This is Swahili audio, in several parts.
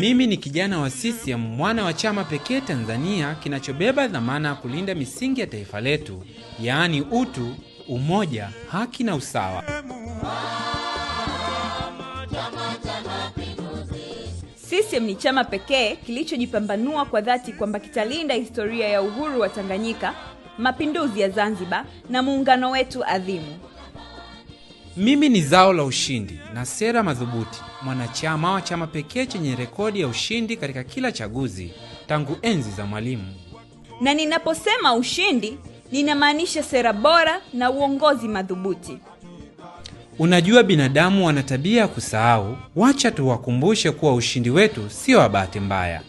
Mimi ni kijana wa CCM, mwana wa chama pekee Tanzania kinachobeba dhamana ya kulinda misingi ya taifa letu, yaani utu, umoja, haki na usawa. CCM ni chama pekee kilichojipambanua kwa dhati kwamba kitalinda historia ya uhuru wa Tanganyika, mapinduzi ya Zanzibar na muungano wetu adhimu. Mimi ni zao la ushindi na sera madhubuti, mwanachama wa chama pekee chenye rekodi ya ushindi katika kila chaguzi tangu enzi za Mwalimu. Na ninaposema ushindi, ninamaanisha sera bora na uongozi madhubuti. Unajua, binadamu wana tabia ya kusahau. Wacha tuwakumbushe kuwa ushindi wetu sio wa bahati mbaya.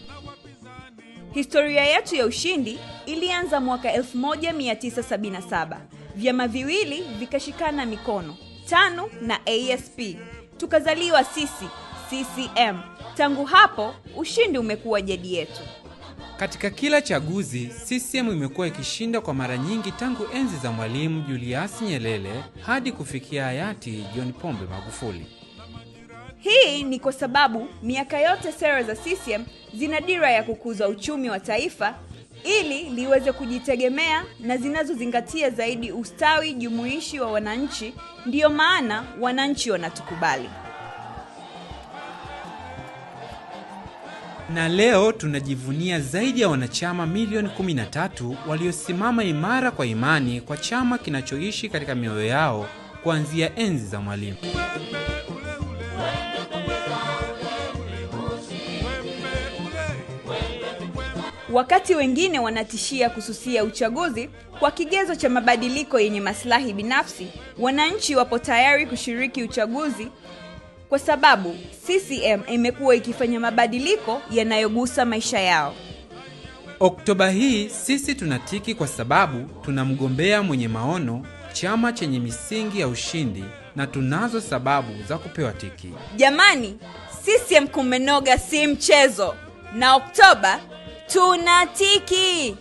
Historia yetu ya ushindi ilianza mwaka 1977 vyama viwili vikashikana mikono TANU na ASP. Tukazaliwa sisi CCM. Tangu hapo ushindi umekuwa jadi yetu. Katika kila chaguzi CCM imekuwa ikishinda kwa mara nyingi tangu enzi za Mwalimu Julius nyelele hadi kufikia hayati John Pombe Magufuli. Hii ni kwa sababu miaka yote sera za CCM zina dira ya kukuza uchumi wa taifa ili liweze kujitegemea na zinazozingatia zaidi ustawi jumuishi wa wananchi. Ndiyo maana wananchi wanatukubali. Na leo tunajivunia zaidi ya wanachama milioni 13 waliosimama imara kwa imani kwa chama kinachoishi katika mioyo yao kuanzia enzi za Mwalimu. wakati wengine wanatishia kususia uchaguzi kwa kigezo cha mabadiliko yenye maslahi binafsi, wananchi wapo tayari kushiriki uchaguzi kwa sababu CCM imekuwa ikifanya mabadiliko yanayogusa maisha yao. Oktoba hii sisi tunatiki kwa sababu tuna mgombea mwenye maono, chama chenye misingi ya ushindi na tunazo sababu za kupewa tiki. Jamani, CCM kumenoga si mchezo, na Oktoba tunatiki